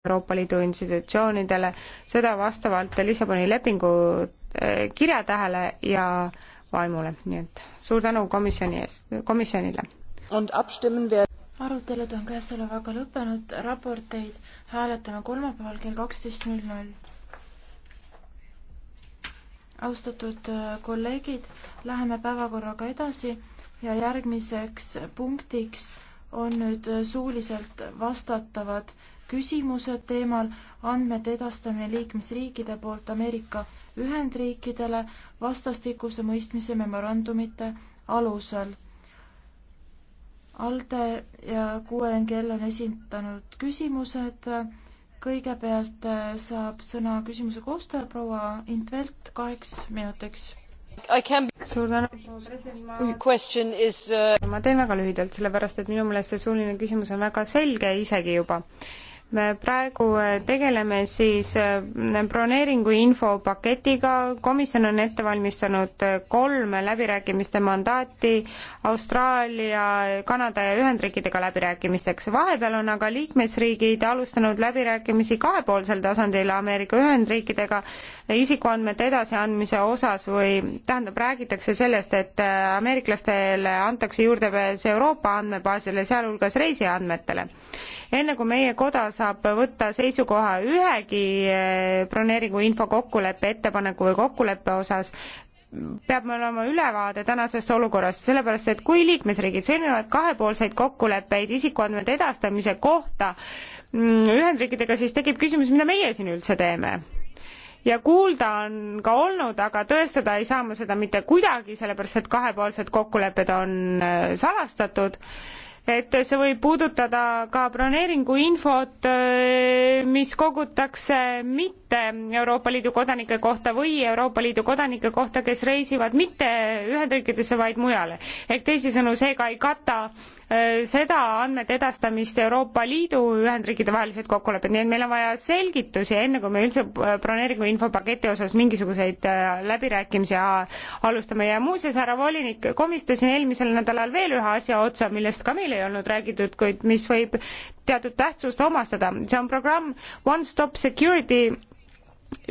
Euroopa Liidu institutsioonidele, seda vastavalt Lissaboni lepingu eh, kirjatähele ja vaimule, nii et suur tänu komisjoni eest, komisjonile. arutelud on käesolevaga lõppenud, raporteid hääletame kolmapäeval kell kaksteist null null. austatud eh, kolleegid, läheme päevakorraga edasi ja järgmiseks punktiks on nüüd eh, suuliselt vastatavad küsimused teemal andmete edastamine liikmesriikide poolt Ameerika Ühendriikidele vastastikuse mõistmise memorandumite alusel. ALDE ja QNGL on esitanud küsimused. kõigepealt äh, saab sõna küsimuse koostaja proua Intvelt kaheks minutiks mm, uh- ma teen väga lühidalt sellepärast et minu meelest see suuline küsimus on väga selge isegi juba me praegu äh, tegeleme siis äh, broneeringu infopaketiga, komisjon on ette valmistanud äh, kolme läbirääkimiste mandaati Austraalia, Kanada ja Ühendriikidega läbirääkimisteks. vahepeal on aga liikmesriigid alustanud läbirääkimisi kahepoolsel tasandil Ameerika Ühendriikidega isikuandmete edasiandmise osas või tähendab, räägitakse sellest, et ameeriklastele antakse juurdepääs Euroopa andmebaasile, sealhulgas reisiandmetele. enne kui meie kodas saab võtta seisukoha ühegi eh, broneeringu infokokkuleppe ettepaneku või kokkuleppe osas, peab meil olema ülevaade tänasest olukorrast, sellepärast et kui liikmesriigid sõlmivad kahepoolseid kokkuleppeid isikuandmete edastamise kohta mm, Ühendriikidega, siis tekib küsimus, mida meie siin üldse teeme ja kuulda on ka olnud, aga tõestada ei saa ma seda mitte kuidagi, sellepärast et kahepoolsed kokkulepped on eh, salastatud et see võib puudutada ka broneeringuinfot, äh, mis kogutakse mitte Euroopa Liidu kodanike kohta või Euroopa Liidu kodanike kohta, kes reisivad mitte Ühendriikidesse, vaid mujale. ehk teisisõnu, seega ei kata Äh, seda andmete edastamist Euroopa Liidu Ühendriikide vahelised kokkulepped, nii et meil on vaja selgitusi, enne kui me üldse äh, broneeringu infopaketi osas mingisuguseid äh, läbirääkimisi alustame ja muuseas, härra volinik, komistasin eelmisel nädalal veel ühe asja otsa, millest ka meil ei olnud räägitud, kuid mis võib teatud tähtsust omastada, see on programm One Stop Security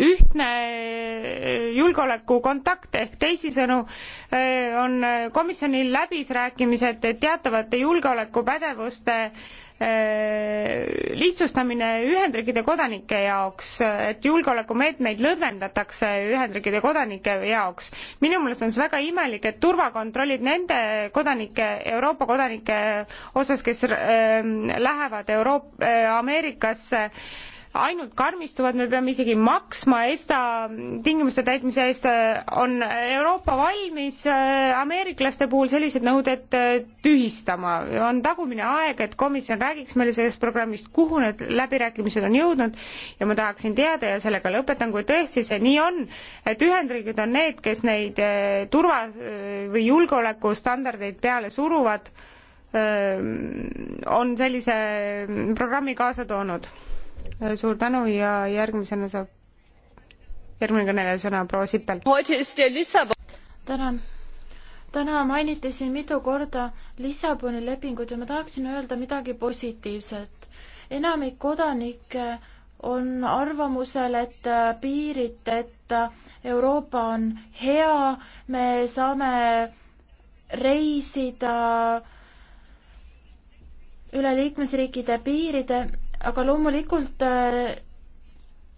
ühtne julgeolekukontakt ehk teisisõnu eh, on komisjonil läbisrääkimised teatavate julgeolekupädevuste eh, lihtsustamine Ühendriikide kodanike jaoks, et julgeolekumeetmeid lõdvendatakse Ühendriikide kodanike jaoks. minu meelest on see väga imelik, et turvakontrollid nende kodanike, Euroopa kodanike osas, kes eh, lähevad Euroop-, Ameerikasse äh, ainult karmistuvad, me peame isegi maksma ESTA tingimuste täitmise eest, on Euroopa valmis äh, ameeriklaste puhul sellised nõuded äh, tühistama. on tagumine aeg, et komisjon räägiks meile sellest programmist, kuhu need läbirääkimised on jõudnud ja ma tahaksin teada ja sellega lõpetan, kui tõesti see nii on, et Ühendriigid on need, kes neid äh, turva- või julgeolekustandardeid peale suruvad, on sellise programmi kaasa toonud Äh, suur tänu ja järgmisena saab, järgmine kõneleja sõna proua Sippel. tänan. täna mainiti siin mitu korda Lissaboni lepingut ja ma tahaksin öelda midagi positiivset. enamik kodanikke on arvamusel, et piirid, et Euroopa on hea, me saame reisida üle liikmesriikide piiride aga loomulikult äh,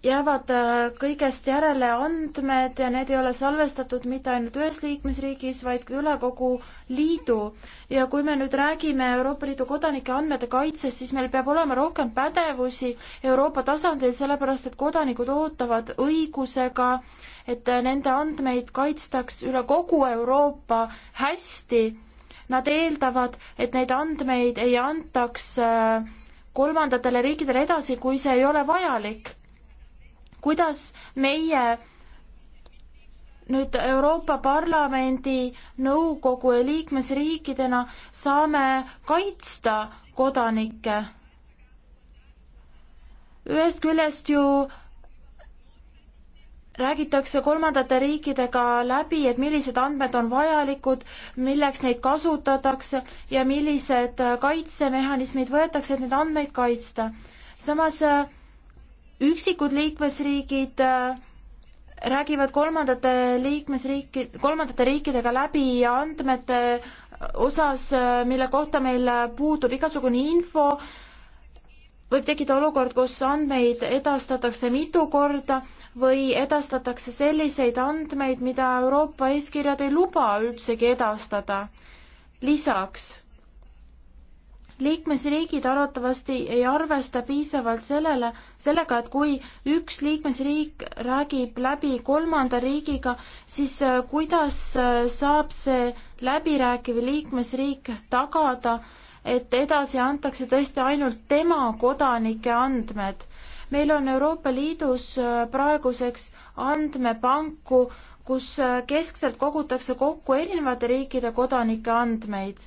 jäävad äh, kõigest järele andmed ja need ei ole salvestatud mitte ainult ühes liikmesriigis, vaid üle kogu liidu. ja kui me nüüd räägime Euroopa Liidu kodanike andmete kaitsest, siis meil peab olema rohkem pädevusi Euroopa tasandil, sellepärast et kodanikud ootavad õigusega, et äh, nende andmeid kaitstaks üle kogu Euroopa hästi. Nad eeldavad, et neid andmeid ei antaks äh, kolmandatele riikidele edasi, kui see ei ole vajalik. kuidas meie nüüd Euroopa Parlamendi, nõukogu ja liikmesriikidena saame kaitsta kodanikke? ühest küljest ju räägitakse kolmandate riikidega läbi, et millised andmed on vajalikud, milleks neid kasutatakse ja millised kaitsemehhanismid võetakse, et neid andmeid kaitsta. samas äh, üksikud liikmesriigid äh, räägivad kolmandate liikmesriiki, kolmandate riikidega läbi andmete osas, äh, mille kohta meil puudub igasugune info, võib tekkida olukord, kus andmeid edastatakse mitu korda või edastatakse selliseid andmeid, mida Euroopa eeskirjad ei luba üldsegi edastada. lisaks, liikmesriigid arvatavasti ei arvesta piisavalt sellele, sellega, et kui üks liikmesriik räägib läbi kolmanda riigiga, siis äh, kuidas äh, saab see läbirääkiv liikmesriik tagada, et edasi antakse tõesti ainult tema kodanike andmed. meil on Euroopa Liidus äh, praeguseks andmepanku, kus äh, keskselt kogutakse kokku erinevate riikide kodanike andmeid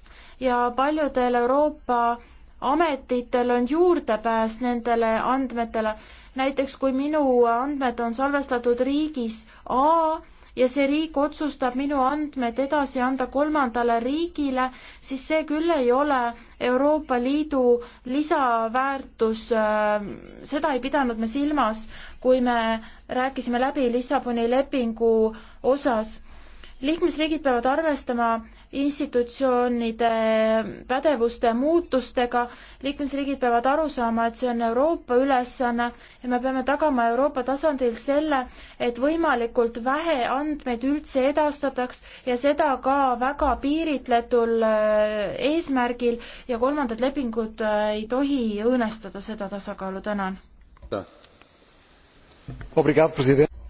ja paljudel Euroopa ametitel on juurdepääs nendele andmetele. näiteks kui minu andmed on salvestatud riigis A, ja see riik otsustab minu andmed edasi anda kolmandale riigile, siis see küll ei ole Euroopa Liidu lisaväärtus, äh, seda ei pidanud me silmas, kui me rääkisime läbi Lissaboni lepingu osas liikmesriigid peavad arvestama, institutsioonide pädevuste muutustega. liikmesriigid peavad aru saama, et see on Euroopa ülesanne ja me peame tagama Euroopa tasandil selle, et võimalikult vähe andmeid üldse edastataks ja seda ka väga piiritletul äh, eesmärgil ja kolmandad lepingud äh, ei tohi õõnestada seda tasakaalu. tänan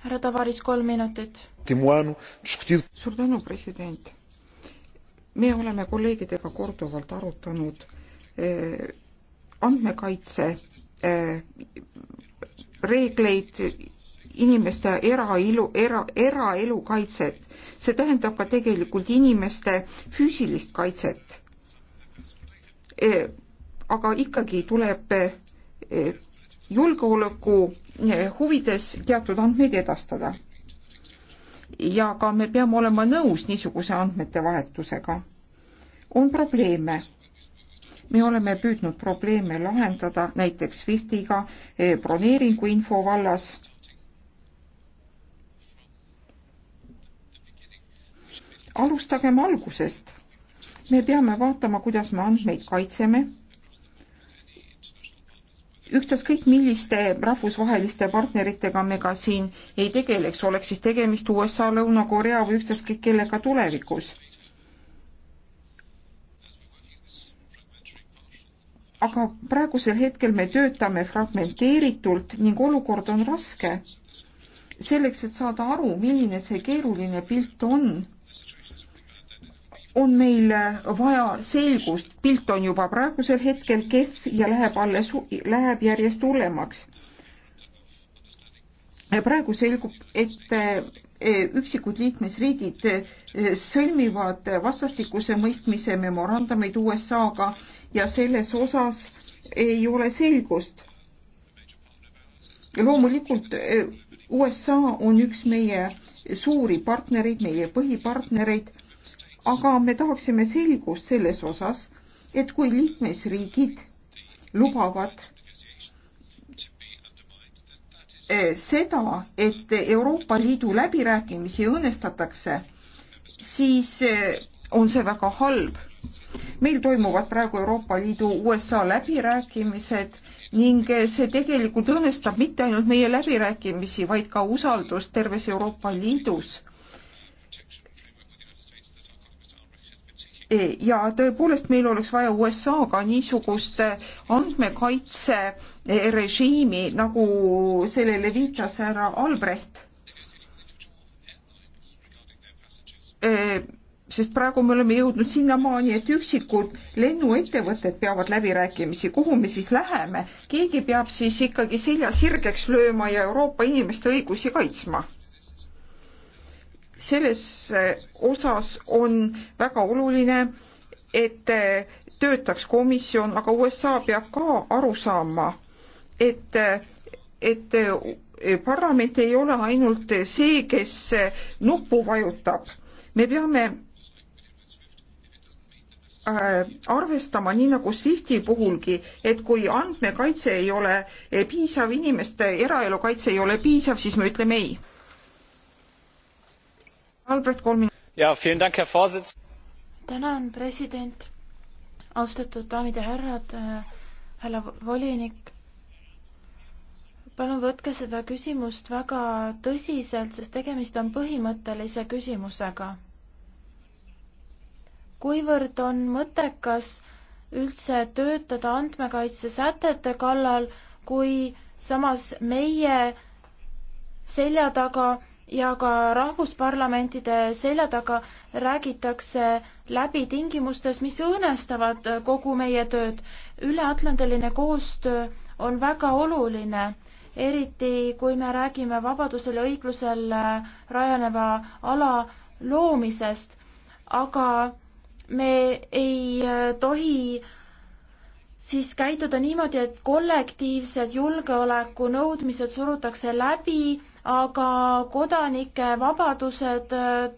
härra Tavares, kolm minutit. suur tänu, president me oleme kolleegidega korduvalt arutanud eh, andmekaitse eh, reegleid, inimeste erailu, era, eraelu kaitset. see tähendab ka tegelikult inimeste füüsilist kaitset eh,. aga ikkagi tuleb eh, julgeoleku eh, huvides teatud andmeid edastada ja ka me peame olema nõus niisuguse andmete vahetusega. on probleeme. me oleme püüdnud probleeme lahendada näiteks Swiftiga eh, broneeringu info vallas. alustagem algusest. me peame vaatama, kuidas me andmeid kaitseme ükstaskõik milliste rahvusvaheliste partneritega me ka siin ei tegeleks, oleks siis tegemist USA, Lõuna-Korea või ükstaskõik kellega tulevikus. aga praegusel hetkel me töötame fragmenteeritult ning olukord on raske. selleks, et saada aru, milline see keeruline pilt on on meil vaja selgust, pilt on juba praegusel hetkel kehv ja läheb alles, läheb järjest hullemaks. praegu selgub, et e, üksikud liikmesriigid e, sõlmivad vastastikuse mõistmise memorandumeid USA-ga ja selles osas ei ole selgust. loomulikult e, USA on üks meie suuri partnereid, meie põhipartnereid aga me tahaksime selgust selles osas, et kui liikmesriigid lubavad eh, seda, et Euroopa Liidu läbirääkimisi õõnestatakse, siis eh, on see väga halb. meil toimuvad praegu Euroopa Liidu USA läbirääkimised ning eh, see tegelikult õõnestab mitte ainult meie läbirääkimisi, vaid ka usaldust terves Euroopa Liidus Äh, ja tõepoolest meil oleks vaja USA-ga niisugust äh, andmekaitserežiimi, äh, nagu sellele viitas härra Albrecht. sest praegu me oleme jõudnud sinnamaani, et üksikud lennuettevõtted peavad läbirääkimisi, kuhu me siis läheme, keegi peab siis ikkagi selja sirgeks lööma ja Euroopa inimeste õigusi kaitsma selles äh, osas on väga oluline, et äh, töötaks komisjon, aga USA peab ka aru saama, et, äh, et parlament ei ole ainult see, kes nuppu vajutab. me peame arvestama, nii nagu SWIFTi puhulgi, et kui andmekaitse ei ole piisav, inimeste eraelu kaitse ei ole piisav, siis me ütleme ei Albert, kolm minutit. tänan, president. austatud daamid ja härrad, äh, härra volinik. palun võtke seda küsimust väga tõsiselt, sest tegemist on põhimõttelise küsimusega. kuivõrd on mõttekas üldse töötada andmekaitsesätete kallal, kui samas meie selja taga ja ka rahvusparlamentide selja taga räägitakse läbi tingimustes, mis õõnestavad kogu meie tööd. üleatlandiline koostöö on väga oluline, eriti kui me räägime vabadusel ja õiglusel rajaneva ala loomisest, aga me ei tohi siis käituda niimoodi, et kollektiivsed julgeoleku nõudmised surutakse läbi aga kodanike vabadused äh,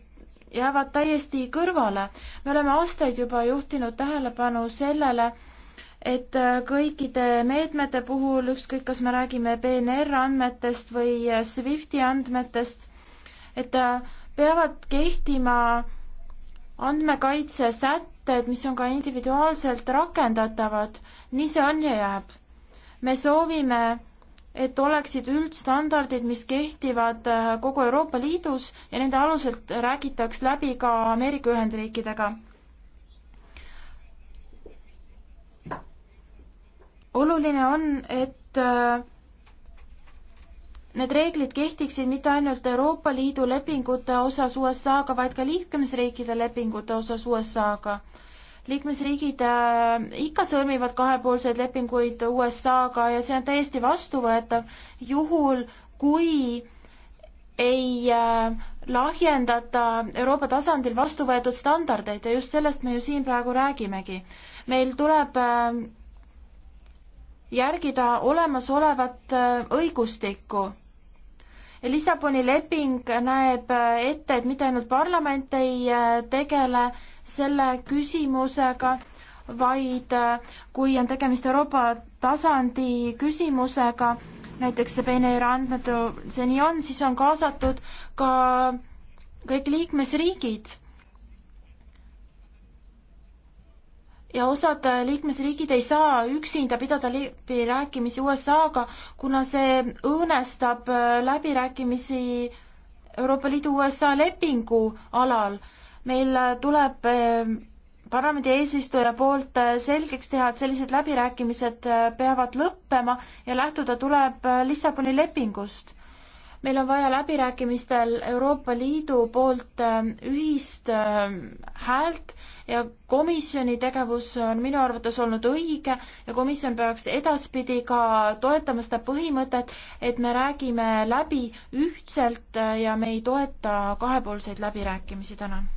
jäävad täiesti kõrvale. me oleme aastaid juba juhtinud tähelepanu sellele, et äh, kõikide meetmete puhul, ükskõik kas me räägime PNR andmetest või äh, SWIFTi andmetest, et peavad kehtima andmekaitsesätted, mis on ka individuaalselt rakendatavad, nii see on ja jääb. me soovime et oleksid üldstandardid, mis kehtivad äh, kogu Euroopa Liidus ja nende aluselt räägitaks läbi ka Ameerika Ühendriikidega. oluline on, et äh, need reeglid kehtiksid mitte ainult Euroopa Liidu lepingute osas USA-ga, vaid ka liikmesriikide lepingute osas USA-ga liikmesriigid äh, ikka sõlmivad kahepoolseid lepinguid USA-ga ja see on täiesti vastuvõetav juhul, kui ei äh, lahjendata Euroopa tasandil vastu võetud standardeid ja just sellest me ju siin praegu räägimegi. meil tuleb äh, järgida olemasolevat õigustikku. Lissaboni leping näeb ette, et mitte ainult parlament ei tegele selle küsimusega, vaid äh, kui on tegemist Euroopa tasandi küsimusega, näiteks see peeneira andmed, see nii on, siis on kaasatud ka kõik liikmesriigid. ja osad liikmesriigid ei saa üksinda pidada läbirääkimisi USA-ga, kuna see õõnestab äh, läbirääkimisi Euroopa Liidu USA lepingu alal meil tuleb eh, parlamendi eesistuja poolt eh, selgeks teha, et sellised läbirääkimised eh, peavad lõppema ja lähtuda tuleb Lissaboni lepingust. meil on vaja läbirääkimistel Euroopa Liidu poolt ühist häält ja komisjoni tegevus on minu arvates olnud õige ja komisjon peaks edaspidi ka toetama seda põhimõtet, et me räägime läbi ühtselt ja me ei toeta kahepoolseid läbirääkimisi, tänan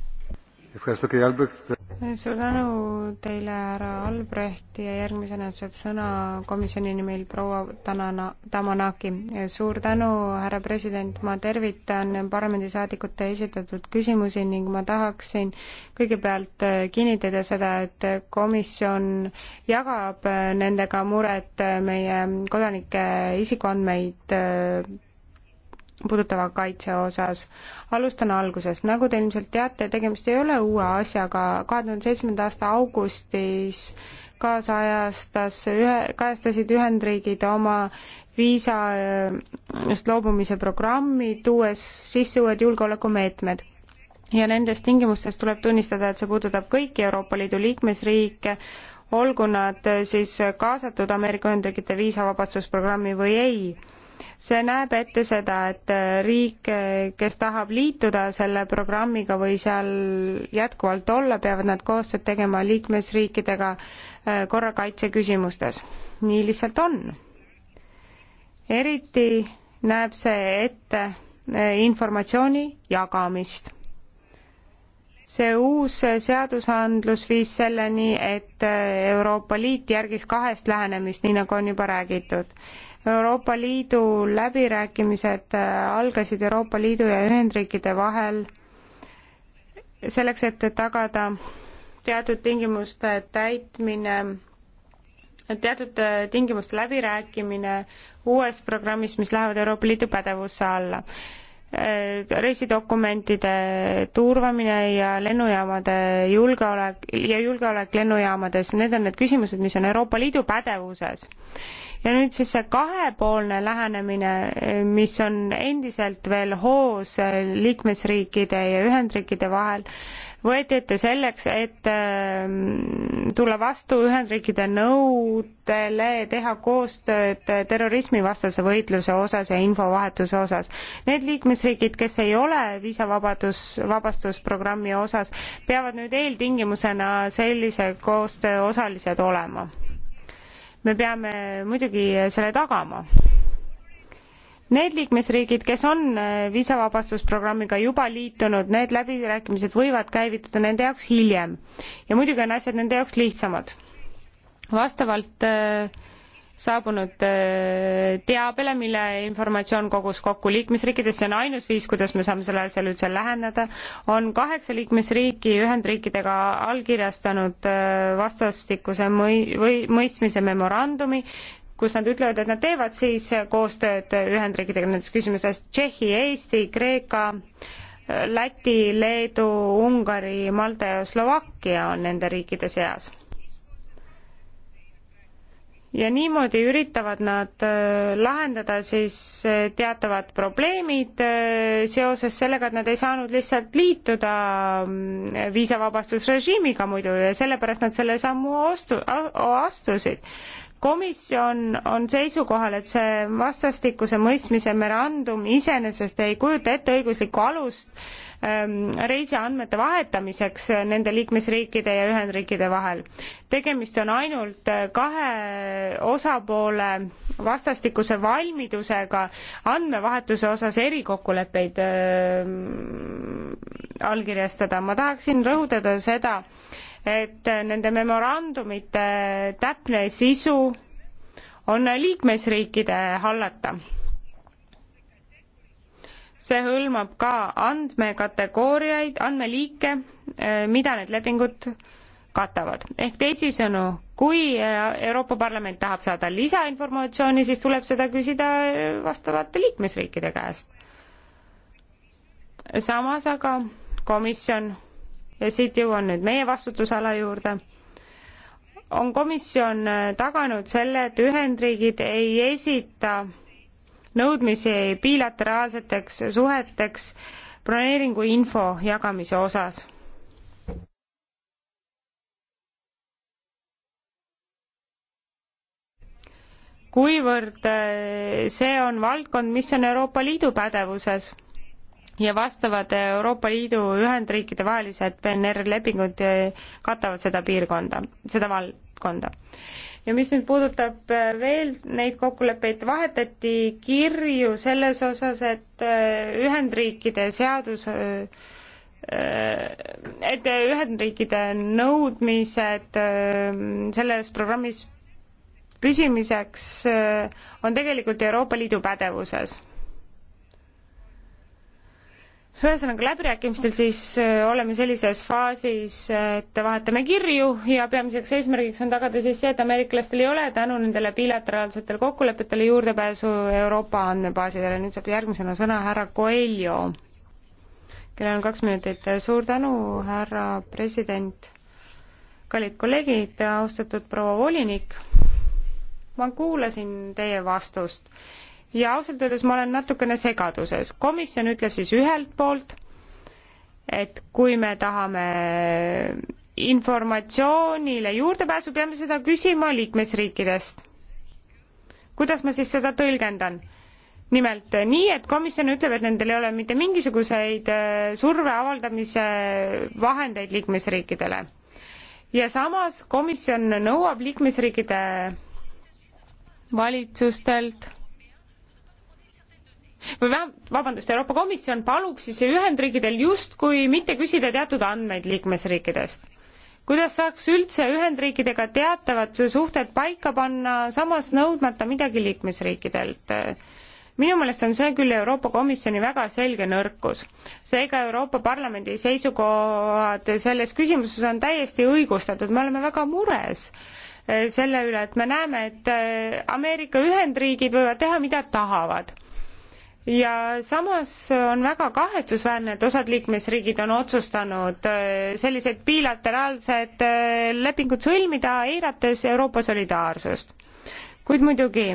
suur tänu teile, härra Albrecht ja järgmisena saab sõna komisjoni nimel proua Tanana, Tamanaki. suur tänu, härra president, ma tervitan parlamendisaadikute esitatud küsimusi ning ma tahaksin kõigepealt kinnitada seda, et komisjon jagab nendega muret meie kodanike isikuandmeid puudutava kaitse osas. alustan algusest, nagu te ilmselt teate, tegemist ei ole uue asjaga, kahe tuhande seitsmenda aasta augustis kaasajastas ühe, kajastasid Ühendriigid oma viisast äh, loobumise programmi, tuues sisse uued julgeolekumeetmed ja nendes tingimustes tuleb tunnistada, et see puudutab kõiki Euroopa Liidu liikmesriike, olgu nad äh, siis kaasatud Ameerika Ühendriikide viisavabastusprogrammi või ei see näeb ette seda, et riik, kes tahab liituda selle programmiga või seal jätkuvalt olla, peavad nad koostööd tegema liikmesriikidega äh, korrakaitse küsimustes. nii lihtsalt on. eriti näeb see ette äh, informatsiooni jagamist see uus seadusandlus viis selleni, et Euroopa Liit järgis kahest lähenemist, nii nagu on juba räägitud. Euroopa Liidu läbirääkimised algasid Euroopa Liidu ja Ühendriikide vahel selleks, et tagada teatud tingimuste täitmine, teatud tingimuste läbirääkimine uues programmis, mis lähevad Euroopa Liidu pädevusse alla Äh, reisidokumentide turvamine ja lennujaamade julgeolek ja julgeolek lennujaamades, need on need küsimused, mis on Euroopa Liidu pädevuses. ja nüüd siis see kahepoolne lähenemine, äh, mis on endiselt veel hoos äh, liikmesriikide ja Ühendriikide vahel, võeti ette selleks, et ähm, tulla vastu Ühendriikide nõudele teha koostööd terrorismivastase võitluse osas ja infovahetuse osas. Need liikmesriigid, kes ei ole viisavabadus, vabastusprogrammi osas, peavad nüüd eeltingimusena sellise koostöö osalised olema me peame muidugi selle tagama Need liikmesriigid, kes on äh, viisavabastusprogrammiga juba liitunud, need läbirääkimised võivad käivituda nende jaoks hiljem. ja muidugi on asjad nende jaoks lihtsamad. vastavalt äh, saabunud äh, teabele, mille informatsioon kogus kokku liikmesriikides, see on ainus viis, kuidas me saame sellele asjale üldse läheneda, on kaheksa liikmesriiki Ühendriikidega allkirjastanud äh, vastastikuse mõi-, või mõistmise memorandumi, kus nad ütlevad, et nad teevad siis koostööd Ühendriikidega nendes küsimustes Tšehhi, Eesti, Kreeka, Läti, Leedu, Ungari, Malta ja Slovakkia on nende riikide seas ja niimoodi üritavad nad äh, lahendada siis äh, teatavad probleemid äh, seoses sellega, et nad ei saanud lihtsalt liituda mm, viisavabastusrežiimiga muidu ja sellepärast nad selle sammu ostu-, astusid komisjon on seisukohal, et see vastastikuse mõistmise memorandum iseenesest ei kujuta ette õiguslikku alust ähm, reisiandmete vahetamiseks nende liikmesriikide ja Ühendriikide vahel. tegemist on ainult äh, kahe osapoole vastastikuse valmidusega andmevahetuse osas erikokkuleppeid ähm, allkirjastada. ma tahaksin rõhutada seda, et nende memorandumite täpne sisu on liikmesriikide hallata. see hõlmab ka andmekategooriaid, andmeliike, mida need lepingud katavad. ehk teisisõnu, kui Euroopa Parlament tahab saada lisainformatsiooni, siis tuleb seda küsida vastavate liikmesriikide käest. samas aga komisjon ja siit jõuan nüüd meie vastutusala juurde, on komisjon äh, taganud selle, et Ühendriigid ei esita nõudmisi bilateraalseteks suheteks broneeringu info jagamise osas. kuivõrd äh, see on valdkond, mis on Euroopa Liidu pädevuses ja vastavad Euroopa Liidu Ühendriikide vahelised PNR lepingud eh, katavad seda piirkonda, seda valdkonda. ja mis nüüd puudutab eh, veel neid kokkuleppeid, vahetati kirju selles osas, et eh, Ühendriikide seadus et Ühendriikide nõudmised selles programmis püsimiseks on tegelikult Euroopa Liidu pädevuses ühesõnaga läbirääkimistel siis äh, oleme sellises faasis, et vahetame kirju ja peamiseks eesmärgiks on tagada siis see, et ameeriklastel ei ole tänu nendele bilateraalsetele kokkulepetele juurdepääsu Euroopa andmebaasidele. nüüd saab järgmisena sõna härra Coelho, kellel on kaks minutit. suur tänu, härra president, kallid kolleegid, austatud proua volinik. ma kuulasin teie vastust ja ausalt öeldes ma olen natukene segaduses. komisjon ütleb siis ühelt poolt, et kui me tahame informatsioonile juurdepääsu, peame seda küsima liikmesriikidest. kuidas ma siis seda tõlgendan? nimelt nii, et komisjon ütleb, et nendel ei ole mitte mingisuguseid äh, surve avaldamise vahendeid liikmesriikidele. ja samas komisjon nõuab liikmesriikide valitsustelt või vabandust, Euroopa Komisjon palub siis Ühendriikidel justkui mitte küsida teatud andmeid liikmesriikidest. kuidas saaks üldse Ühendriikidega teatavad suhted paika panna, samas nõudmata midagi liikmesriikidelt? minu meelest on see küll Euroopa Komisjoni väga selge nõrkus. seega Euroopa Parlamendi seisukohad selles küsimuses on täiesti õigustatud, me oleme väga mures eh, selle üle, et me näeme, et eh, Ameerika Ühendriigid võivad teha, mida tahavad ja samas on väga kahetsusväärne, et osad liikmesriigid on otsustanud äh, sellised bilateraalsed äh, lepingud sõlmida, eirates Euroopa solidaarsust. kuid muidugi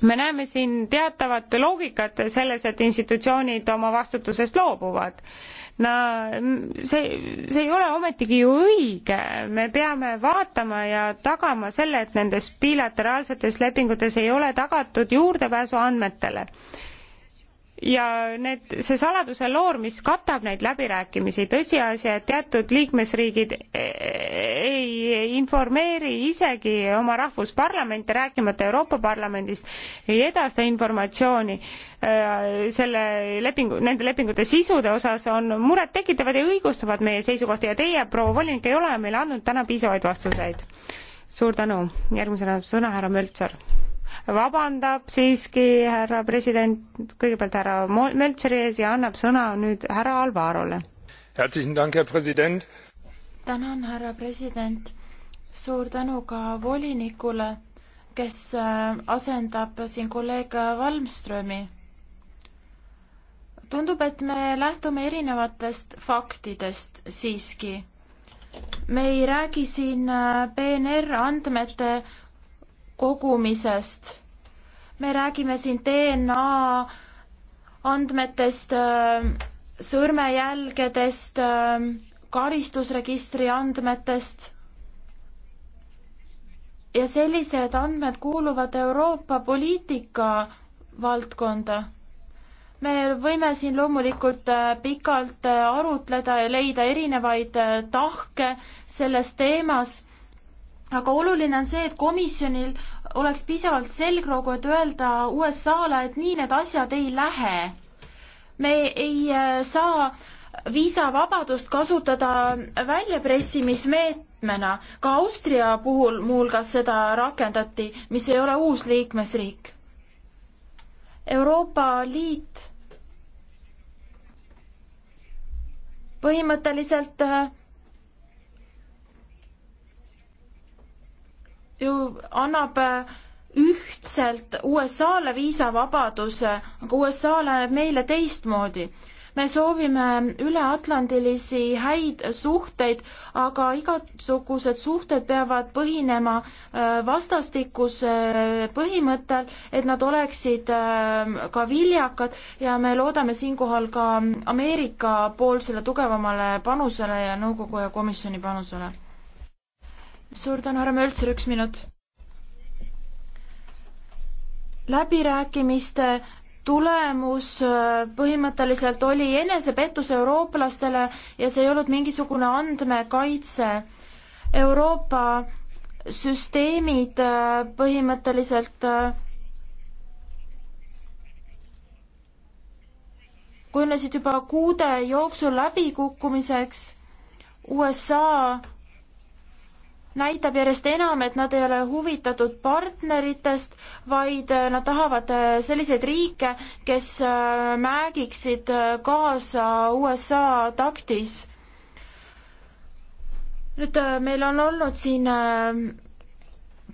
me näeme siin teatavat loogikat selles, et institutsioonid oma vastutusest loobuvad. no see, see ei ole ometigi ju õige, me peame vaatama ja tagama selle, et nendes bilateraalsetes lepingutes ei ole tagatud juurdepääsu andmetele ja need, see saladuse loor, mis katab neid läbirääkimisi, tõsiasi, et teatud liikmesriigid e, ei informeeri isegi oma rahvusparlamente, rääkimata Euroopa Parlamendist, ei edasta informatsiooni e, selle lepingu, nende lepingute sisude osas, on murettekitavad ja õigustavad meie seisukohti ja teie, proua volinik, ei ole meile andnud täna piisavaid vastuseid. suur tänu, järgmisena sõna härra Möltser vabandab siiski härra president, kõigepealt härra Meltseri ees ja annab sõna nüüd härra Alvarole. tänan, härra president. suur tänu ka volinikule, kes äh, asendab siin kolleeg Valmströmi. tundub, et me lähtume erinevatest faktidest siiski me ei räägi siin äh, PNR andmete kogumisest. me räägime siin DNA andmetest, äh, sõrmejälgedest, äh, karistusregistri andmetest ja sellised andmed kuuluvad Euroopa poliitika valdkonda. me võime siin loomulikult äh, pikalt arutleda ja leida erinevaid tahke selles teemas aga oluline on see, et komisjonil oleks piisavalt selgroogu, et öelda USA-le, et nii need asjad ei lähe. me ei äh, saa viisavabadust kasutada väljapressimismeetmena, ka Austria puhul muuhulgas seda rakendati, mis ei ole uus liikmesriik. Euroopa Liit põhimõtteliselt äh, ju annab äh, ühtselt USA-le viisavabaduse, aga USA läheneb meile teistmoodi. me soovime üleatlandilisi häid suhteid, aga igasugused suhted peavad põhinema äh, vastastikuse põhimõttel, et nad oleksid äh, ka viljakad ja me loodame siinkohal ka Ameerika poolsele tugevamale panusele ja nõukogu ja komisjoni panusele suur tänu, härra Möltser, üks minut. läbirääkimiste tulemus äh, põhimõtteliselt oli enesepettus eurooplastele ja see ei olnud mingisugune andmekaitse. Euroopa süsteemid äh, põhimõtteliselt äh, kujunesid juba kuude jooksul läbikukkumiseks. USA näitab järjest enam, et nad ei ole huvitatud partneritest, vaid äh, nad tahavad äh, selliseid riike, kes äh, määgiksid kaasa USA taktis. nüüd meil on olnud siin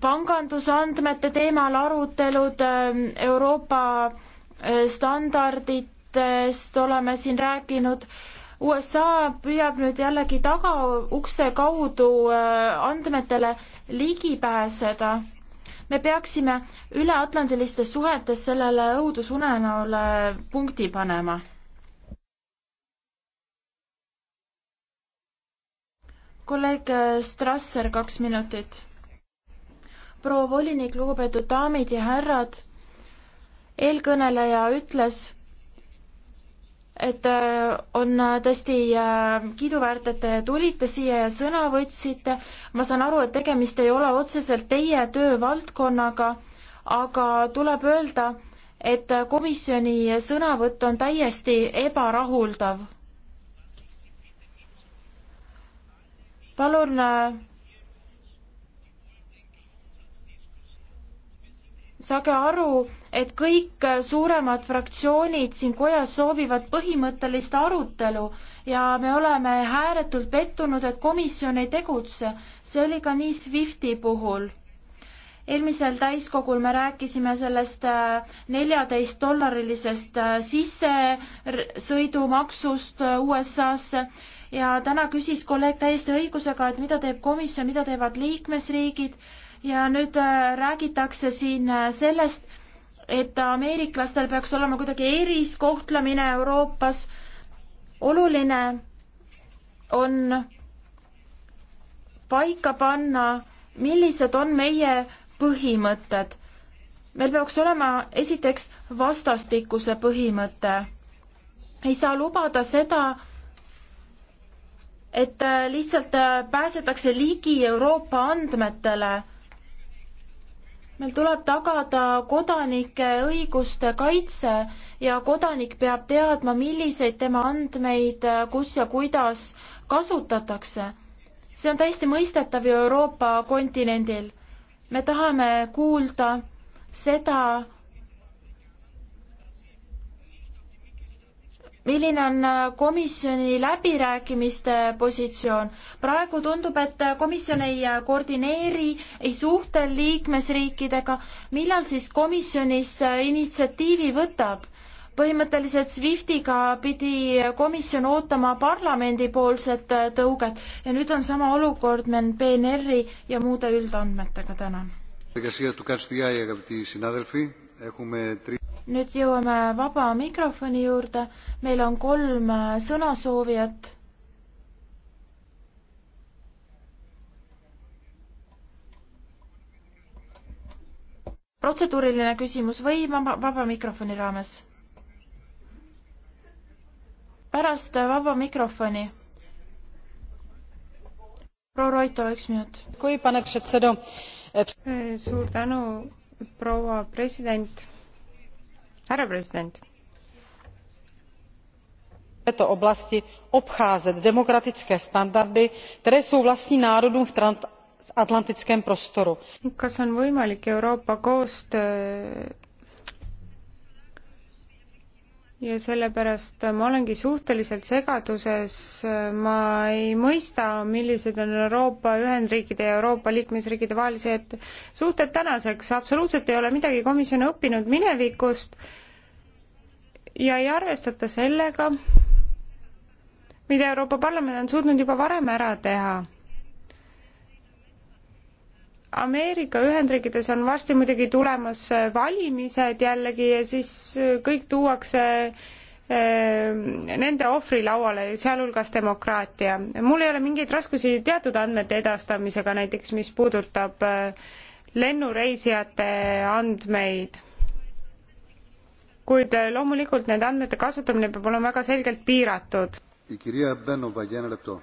pangandusandmete teemal arutelud, Euroopa standarditest oleme siin rääkinud USA püüab nüüd jällegi tagaukse kaudu äh, andmetele ligi pääseda. me peaksime üleatlandilistes suhetes sellele õudusunenäole punkti panema. kolleeg äh, Strasser, kaks minutit. proua volinik, lugupeetud daamid ja härrad, eelkõneleja ütles et äh, on äh, tõesti äh, kiiduväärt, et te tulite siia ja sõna võtsite. ma saan aru, et tegemist ei ole otseselt teie töövaldkonnaga, aga tuleb öelda, et komisjoni sõnavõtt on täiesti ebarahuldav. palun saage aru, et kõik suuremad fraktsioonid siin kojas soovivad põhimõttelist arutelu ja me oleme hääletult pettunud, et komisjon ei tegutse. see oli ka nii SWIFTi puhul. eelmisel täiskogul me rääkisime sellest äh, neljateist dollarilisest äh, sissesõidumaksust äh, USA-sse ja täna küsis kolleeg täiesti õigusega, et mida teeb komisjon, mida teevad liikmesriigid ja nüüd äh, räägitakse siin äh, sellest, et ameeriklastel peaks olema kuidagi eriskohtlemine Euroopas. oluline on paika panna, millised on meie põhimõtted. meil peaks olema esiteks vastastikuse põhimõte. ei saa lubada seda, et äh, lihtsalt pääsetakse ligi Euroopa andmetele meil tuleb tagada kodanike õiguste kaitse ja kodanik peab teadma, milliseid tema andmeid, kus ja kuidas kasutatakse. see on täiesti mõistetav ju Euroopa kontinendil. me tahame kuulda seda, milline on äh, komisjoni läbirääkimiste positsioon? praegu tundub, et äh, komisjon ei äh, koordineeri, ei suhtle liikmesriikidega. millal siis komisjonis initsiatiivi võtab? põhimõtteliselt SWIFTiga pidi komisjon ootama parlamendipoolset tõuget ja nüüd on sama olukord meil PNR-i ja muude üldandmetega täna nüüd jõuame vaba mikrofoni juurde, meil on kolm sõnasoovijat. protseduuriline küsimus või vaba, vaba mikrofoni raames? pärast vaba mikrofoni proua Roito, üks minut. kui paneb see sõnu. suur tänu, proua president, härra president. této oblasti obcházet demokratické standardy, které jsou vlastní národům v transatlantickém prostoru. kas on võimalik Euroopa koostöö ja sellepärast ma olengi suhteliselt segaduses, ma ei mõista, millised on Euroopa Ühendriikide ja Euroopa liikmesriikide vahelised suhted tänaseks, absoluutselt ei ole midagi komisjon õppinud minevikust ja ei arvestata sellega, mida Euroopa Parlament on suutnud juba varem ära teha Ameerika Ühendriikides on varsti muidugi tulemas äh, valimised jällegi ja siis äh, kõik tuuakse äh, nende ohvri lauale, sealhulgas demokraatia. mul ei ole mingeid raskusi teatud andmete edastamisega, näiteks mis puudutab lennureisijate andmeid. kuid loomulikult nende andmete kasutamine peab olema väga selgelt piiratud. kirja Benova, Jänne Lepto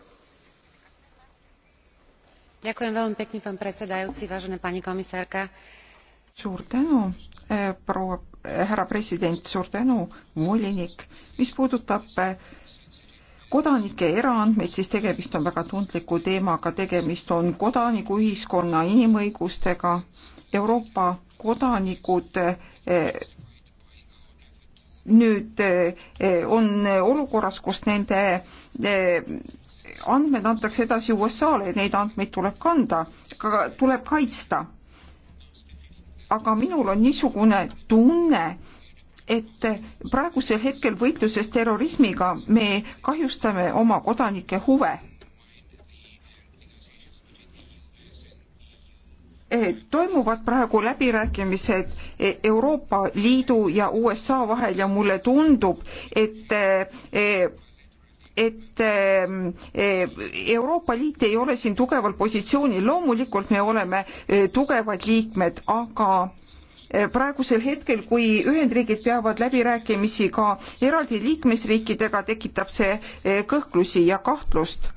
suur tänu proua härra president suur tänu volinik mis puudutab eh, kodanike eraandmeid siis tegemist on väga tundliku teemaga tegemist on kodanikuühiskonna inimõigustega euroopa kodanikud eh, nüüd eh, on olukorras kus nende andmed antakse edasi USA-le ja neid andmeid tuleb kanda, tuleb kaitsta. aga minul on niisugune tunne, et praegusel hetkel võitluses terrorismiga me kahjustame oma kodanike huve. E, toimuvad praegu läbirääkimised e, Euroopa Liidu ja USA vahel ja mulle tundub, et e, et ehm, eh, Euroopa Liit ei ole siin tugeval positsioonil, loomulikult me oleme eh, tugevad liikmed, aga eh, praegusel hetkel, kui Ühendriigid peavad läbirääkimisi ka eraldi liikmesriikidega, tekitab see kõhklusi ja kahtlust.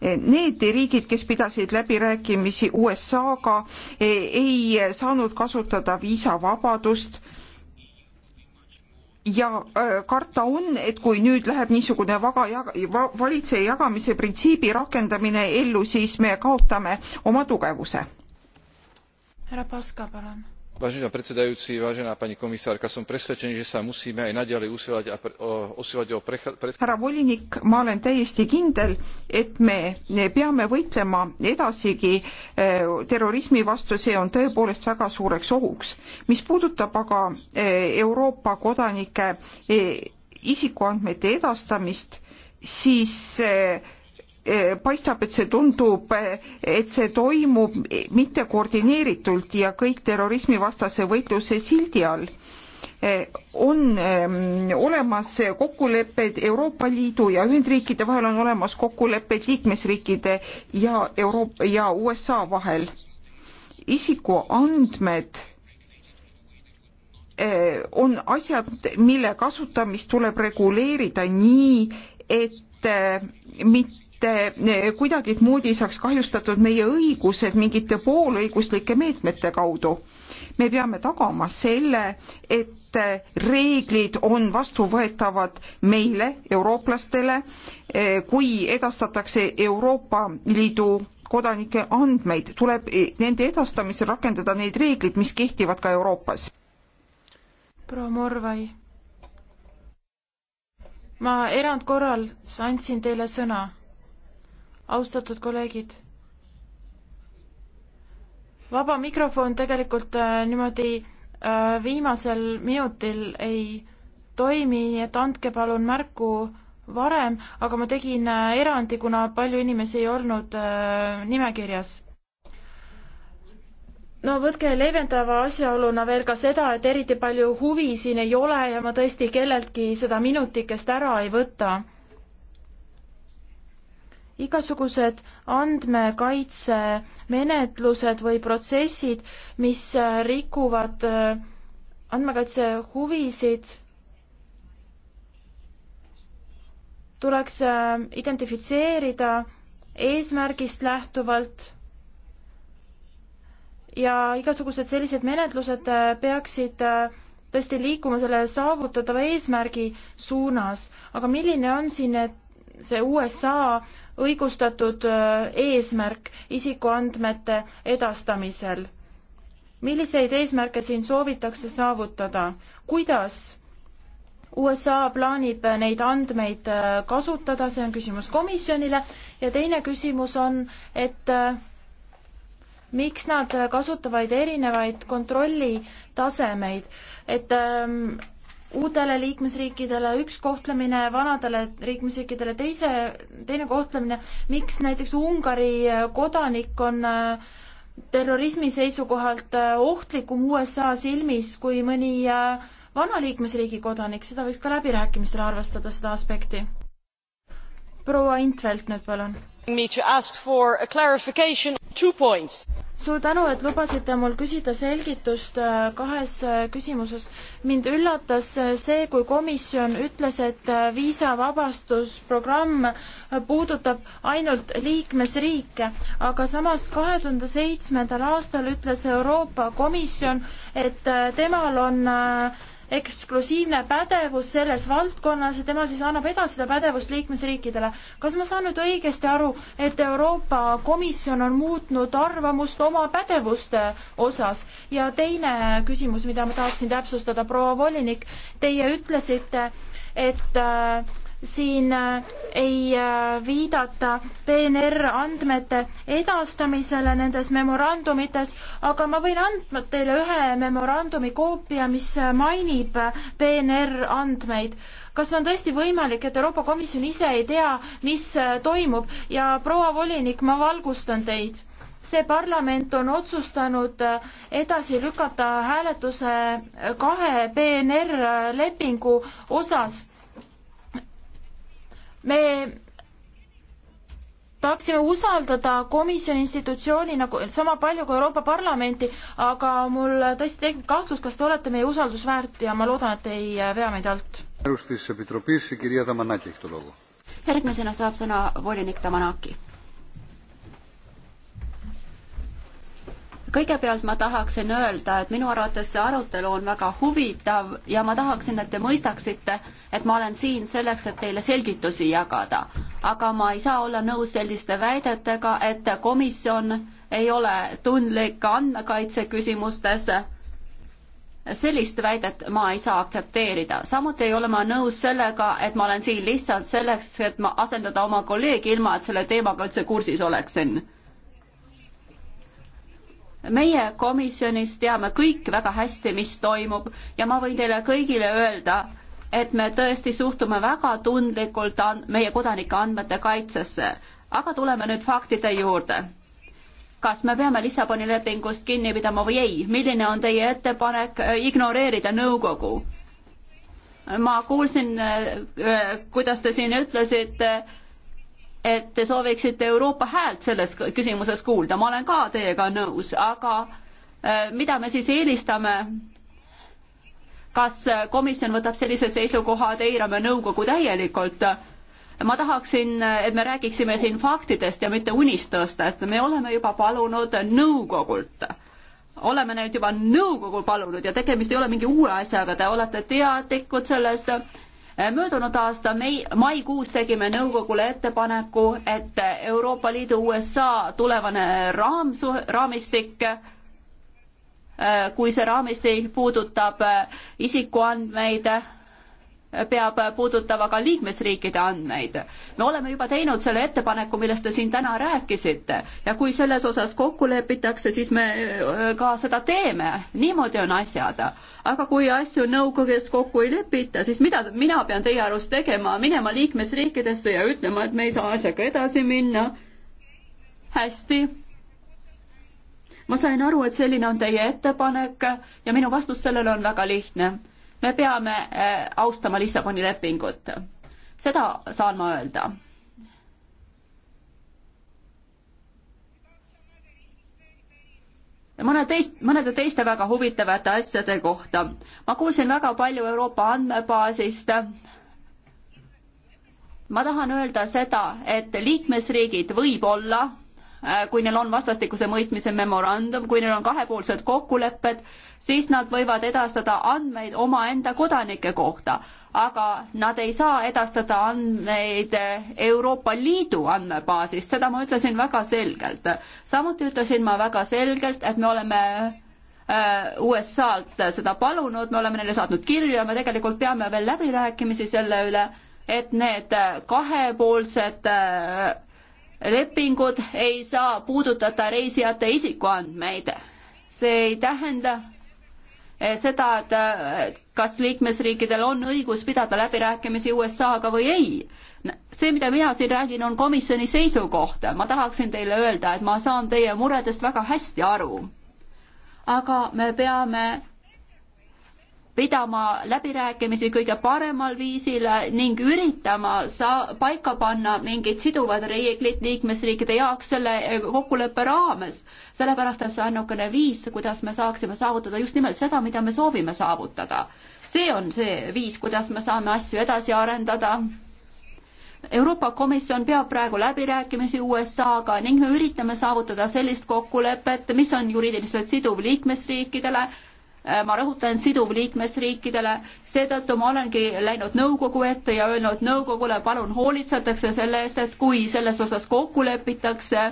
Need riigid, kes pidasid läbirääkimisi USA-ga, ei saanud kasutada viisavabadust ja äh, karta on, et kui nüüd läheb niisugune vaga jaga, valitseja jagamise printsiibi rakendamine ellu, siis me kaotame oma tugevuse. härra Paska, palun som presvedčený že sa musíme aj naďalej usilovať o härra volinik ma olen täiesti kindel et me peame võitlema edasigi eh, terrorismi vastu see on tõepoolest väga suureks ohuks mis puudutab aga eh, euroopa kodanike eh, isikuandmete edastamist siis Eh, paistab, et see tundub, eh, et see toimub mitte koordineeritult ja kõik terrorismivastase võitluse sildi all eh, on ehm, olemas kokkulepped Euroopa Liidu ja Ühendriikide vahel on olemas kokkulepped liikmesriikide ja Euroopa ja USA vahel. isikuandmed on asjad, mille kasutamist tuleb reguleerida nii, et mitte et kuidagimoodi saaks kahjustatud meie õigused mingite poolõiguslike meetmete kaudu. me peame tagama selle, et reeglid on vastuvõetavad meile, eurooplastele, kui edastatakse Euroopa Liidu kodanike andmeid, tuleb nende edastamisel rakendada neid reegleid, mis kehtivad ka Euroopas. proua Morvai ma erandkorral andsin teile sõna austatud kolleegid. vaba mikrofon tegelikult äh, niimoodi äh, viimasel minutil ei toimi, nii et andke palun märku varem, aga ma tegin äh, erandi, kuna palju inimesi ei olnud äh, nimekirjas no võtke leevendava asjaoluna veel ka seda, et eriti palju huvi siin ei ole ja ma tõesti kelleltki seda minutikest ära ei võta igasugused andmekaitsemenetlused või protsessid, mis äh, rikuvad äh, andmekaitse huvisid, tuleks äh, identifitseerida eesmärgist lähtuvalt ja igasugused sellised menetlused peaksid tõesti liikuma selle saavutatava eesmärgi suunas, aga milline on siin need see USA õigustatud äh, eesmärk isikuandmete edastamisel. milliseid eesmärke siin soovitakse saavutada, kuidas USA plaanib neid andmeid äh, kasutada, see on küsimus komisjonile, ja teine küsimus on, et äh, miks nad kasutavad erinevaid kontrollitasemeid, et ähm, uutele liikmesriikidele üks kohtlemine, vanadele liikmesriikidele teise, teine kohtlemine, miks näiteks Ungari kodanik on terrorismi seisukohalt ohtlikum USA silmis kui mõni vana liikmesriigi kodanik, seda võiks ka läbirääkimistel arvestada, seda aspekti. proua Intvelt nüüd palun suur tänu, et lubasite mul küsida selgitust äh, kahes äh, küsimuses. mind üllatas äh, see, kui komisjon ütles, et viisavabastusprogramm puudutab ainult liikmesriike, aga samas kahe tuhande seitsmendal aastal ütles Euroopa Komisjon, et temal on eksklusiivne pädevus selles valdkonnas ja tema siis annab edasi seda pädevust liikmesriikidele. kas ma saan nüüd õigesti aru, et Euroopa Komisjon on muutnud arvamust oma pädevuste osas? ja teine küsimus, mida ma tahaksin täpsustada, proua volinik, teie ütlesite, et äh, siin äh, ei äh, viidata PNR andmete edastamisele nendes memorandumites, aga ma võin andma teile ühe memorandumi koopia, mis äh, mainib PNR andmeid. kas on tõesti võimalik, et Euroopa Komisjon ise ei tea, mis toimub ja proua volinik, ma valgustan teid see parlament on otsustanud edasi lükata hääletuse kahe PNR lepingu osas me tahaksime usaldada komisjoni institutsiooni nagu sama palju kui Euroopa Parlamenti, aga mul tõesti tekib kahtlus, kas te olete meie usaldusväärt ja ma loodan, et te ei äh, vea meid alt. järgmisena saab sõna volinik Tamanaki kõigepealt ma tahaksin öelda, et minu arvates see arutelu on väga huvitav ja ma tahaksin, et te mõistaksite, et ma olen siin selleks, et teile selgitusi jagada. aga ma ei saa olla nõus selliste väidetega, et komisjon ei ole tundlik andmekaitse küsimustes. sellist väidet ma ei saa aktsepteerida. samuti ei ole ma nõus sellega, et ma olen siin lihtsalt selleks, et ma asendada oma kolleegi, ilma et selle teemaga üldse kursis oleksin meie komisjonis teame kõik väga hästi, mis toimub ja ma võin teile kõigile öelda, et me tõesti suhtume väga tundlikult meie kodanike andmete kaitsesse. aga tuleme nüüd faktide juurde. kas me peame Lissaboni lepingust kinni pidama või ei, milline on teie ettepanek äh, ignoreerida nõukogu? ma kuulsin, äh, äh, kuidas te siin ütlesite, et te sooviksite Euroopa häält selles küsimuses kuulda, ma olen ka teiega nõus, aga äh, mida me siis eelistame? kas komisjon võtab sellise seisukoha, et eirame nõukogu täielikult? ma tahaksin, et me räägiksime siin faktidest ja mitte unistustest, me oleme juba palunud nõukogult, oleme neilt juba nõukogul palunud ja tegemist ei ole mingi uue asjaga, te olete teadlikud sellest möödunud aasta mei, maikuus tegime nõukogule ettepaneku, et Euroopa Liidu USA tulevane raam, raamistik äh, kui see raamistik puudutab äh, isikuandmeid peab puudutama ka liikmesriikide andmeid. me oleme juba teinud selle ettepaneku, millest te siin täna rääkisite ja kui selles osas kokku lepitakse, siis me äh, ka seda teeme, niimoodi on asjad. aga kui asju nõukogus kokku ei lepita, siis mida mina pean teie arust tegema, minema liikmesriikidesse ja ütlema, et me ei saa asjaga edasi minna? hästi ma sain aru, et selline on teie ettepanek ja minu vastus sellele on väga lihtne me peame äh, austama Lissaboni lepingut. seda saan ma öelda. mõne teist, mõnede teiste väga huvitavate asjade kohta. ma kuulsin väga palju Euroopa andmebaasist. ma tahan öelda seda, et liikmesriigid võib-olla Äh, kui neil on vastastikuse mõistmise memorandum, kui neil on kahepoolsed kokkulepped, siis nad võivad edastada andmeid omaenda kodanike kohta, aga nad ei saa edastada andmeid äh, Euroopa Liidu andmebaasist, seda ma ütlesin väga selgelt. samuti ütlesin ma väga selgelt, et me oleme äh, USA-lt seda palunud, me oleme neile saatnud kirju ja me tegelikult peame veel läbirääkimisi selle üle, et need kahepoolsed lepingud ei saa puudutada reisijate isikuandmeid. see ei tähenda eh, seda, et eh, kas liikmesriikidel on õigus pidada läbirääkimisi USA-ga või ei. see, mida mina siin räägin, on komisjoni seisukoht. ma tahaksin teile öelda, et ma saan teie muredest väga hästi aru. aga me peame pidama läbirääkimisi kõige paremal viisil ning üritama saa-, paika panna mingid siduvad reeglid liikmesriikide jaoks selle kokkuleppe raames. sellepärast, et see on niisugune viis, kuidas me saaksime saavutada just nimelt seda, mida me soovime saavutada. see on see viis, kuidas me saame asju edasi arendada Euroopa Komisjon peab praegu läbirääkimisi USA-ga ning me üritame saavutada sellist kokkulepet, mis on juriidiliselt siduv liikmesriikidele Äh, ma rõhutan, siduv liikmesriikidele, seetõttu ma olengi läinud nõukogu ette ja öelnud nõukogule, palun hoolitsetakse selle eest, et kui selles osas kokku lepitakse,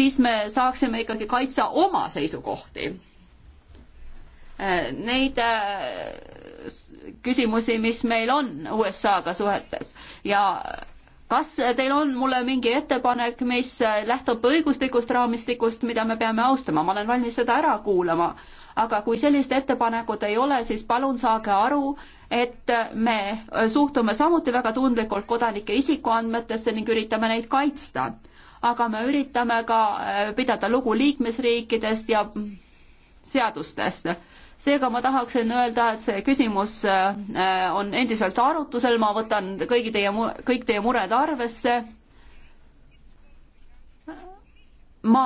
siis me saaksime ikkagi kaitsta oma seisukohti. Äh, neid äh, küsimusi, mis meil on USA-ga suhetes ja kas teil on mulle mingi ettepanek, mis lähtub õiguslikust raamistikust, mida me peame austama, ma olen valmis seda ära kuulama. aga kui sellist ettepanekut ei ole, siis palun saage aru, et me suhtume samuti väga tundlikult kodanike isikuandmetesse ning üritame neid kaitsta. aga me üritame ka äh, pidada lugu liikmesriikidest ja mm, seadustest seega ma tahaksin öelda, et see küsimus äh, on endiselt arutusel, ma võtan kõigi teie, kõik teie mured arvesse. ma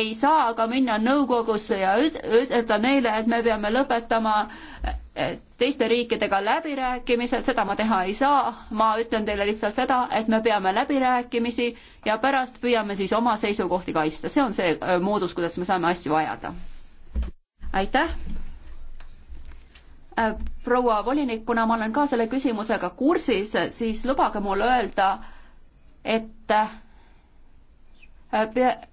ei saa aga minna nõukogusse ja ütelda neile, et me peame lõpetama äh, teiste riikidega läbirääkimised, seda ma teha ei saa, ma ütlen teile lihtsalt seda, et me peame läbirääkimisi ja pärast püüame siis oma seisukohti kaitsta, see on see äh, moodus, kuidas me saame asju ajada aitäh äh, proua volinik, kuna ma olen ka selle küsimusega kursis, siis lubage mul öelda, et äh,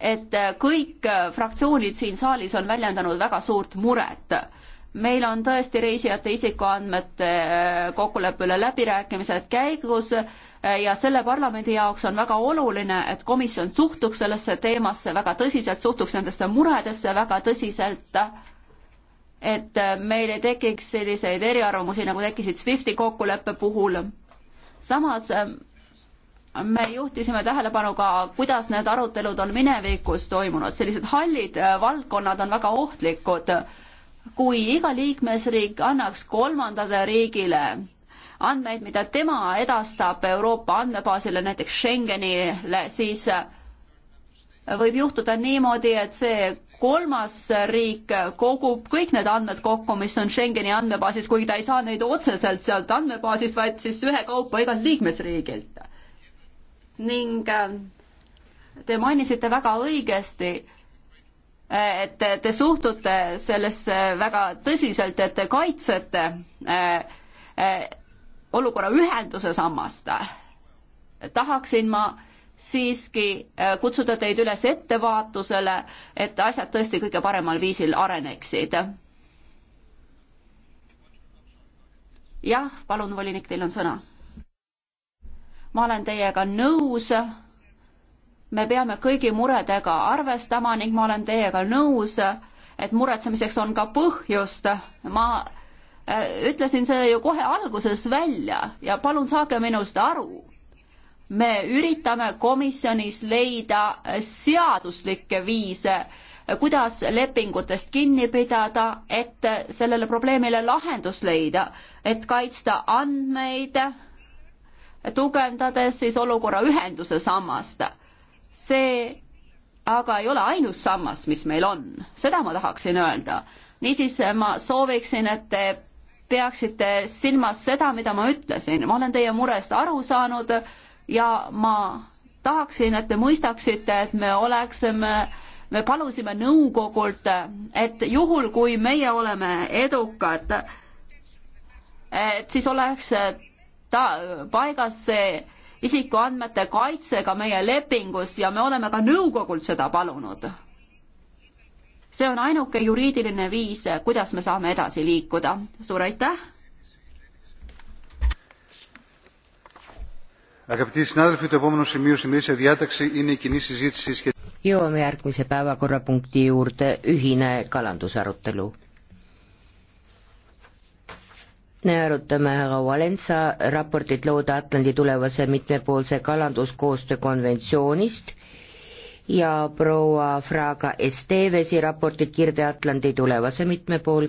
et äh, kõik fraktsioonid siin saalis on väljendanud väga suurt muret. meil on tõesti reisijate isikuandmete kokkuleppe üle läbirääkimised käigus ja selle parlamendi jaoks on väga oluline, et komisjon suhtuks sellesse teemasse väga tõsiselt, suhtuks nendesse muredesse väga tõsiselt et äh, meil ei tekiks selliseid eriarvamusi, nagu tekkisid SWIFTi kokkuleppe puhul. samas äh, me juhtisime tähelepanu ka, kuidas need arutelud on minevikus toimunud, sellised hallid äh, valdkonnad on väga ohtlikud. kui iga liikmesriik annaks kolmandale riigile andmeid, mida tema edastab Euroopa andmebaasile, näiteks Schengenile, siis võib juhtuda niimoodi, et see kolmas riik kogub kõik need andmed kokku, mis on Schengeni andmebaasis, kuigi ta ei saa neid otseselt sealt andmebaasist, vaid siis ühekaupa igalt liikmesriigilt. ning äh, te mainisite väga õigesti, äh, et te suhtute sellesse väga tõsiselt, et te kaitsete äh, olukorra ühenduse sammast. tahaksin ma siiski äh, kutsuda teid üles ettevaatusele, et asjad tõesti kõige paremal viisil areneksid. jah, palun, volinik, teil on sõna. ma olen teiega nõus. me peame kõigi muredega arvestama ning ma olen teiega nõus, et muretsemiseks on ka põhjust. ma äh, ütlesin selle ju kohe alguses välja ja palun saage minust aru me üritame komisjonis leida seaduslikke viise, kuidas lepingutest kinni pidada, et sellele probleemile lahendus leida, et kaitsta andmeid, tugevdades siis olukorra ühenduse sammast. see aga ei ole ainus sammas, mis meil on, seda ma tahaksin öelda. niisiis ma sooviksin, et te peaksite silmas seda, mida ma ütlesin, ma olen teie murest aru saanud ja ma tahaksin, et te mõistaksite, et me oleksime me palusime nõukogult, et juhul, kui meie oleme edukad, et siis oleks ta paigas see isikuandmete kaitse ka meie lepingus ja me oleme ka nõukogult seda palunud. see on ainuke juriidiline viis, kuidas me saame edasi liikuda. suur aitäh! jõuame järgmise päevakorrapunkti juurde, ühine kalandusarutelu. me arutame härra Valensa raportit Lõuna-Atlandi tulevase mitmepoolse kalanduskoostöö konventsioonist ja proua Fraga Estevesi raportit Kirde-Atlandi tulevase mitmepoolse